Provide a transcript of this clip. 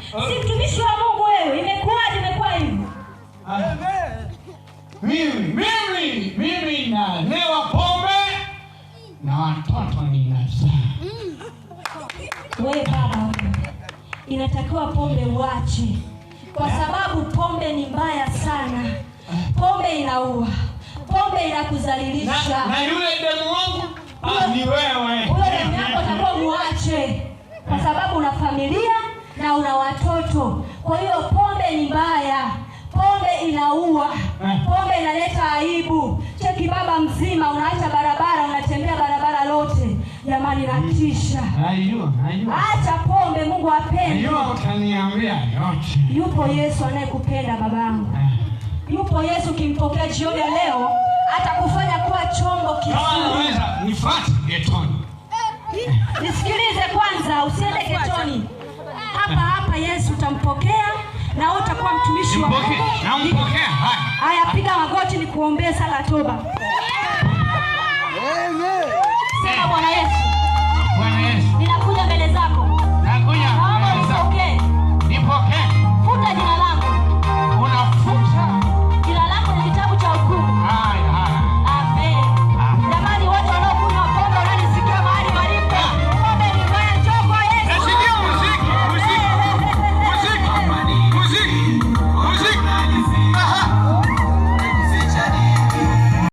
si mtumishi wa Mungu wewe, imekuwaje? Imekuwa hivyo mimi mimi nalewa pombe na watoto ninazaa. baba, inatakiwa pombe uache, kwa sababu pombe ni mbaya sana. Pombe inaua, pombe inakuzalilisha. Na, na yule demu wangu ah, ni wewe, demu yako muache, kwa sababu una familia na una watoto. Kwa hiyo pombe ni mbaya, pombe inaua, eh. pombe inaleta aibu. Cheki baba mzima, unaacha barabara, unatembea barabara lote, jamani, natisha. Mm. Acha pombe, Mungu apende. Yupo Yesu anayekupenda babangu, eh. yupo Yesu. Ukimpokea jioni leo, atakufanya kuwa chombo getoni Nisikilize kwanza, usiende ketoni hapa hapa Yesu utampokea na wewe utakuwa mtumishi wa Mungu. Nampokea. Haya, piga magoti nikuombee sala toba.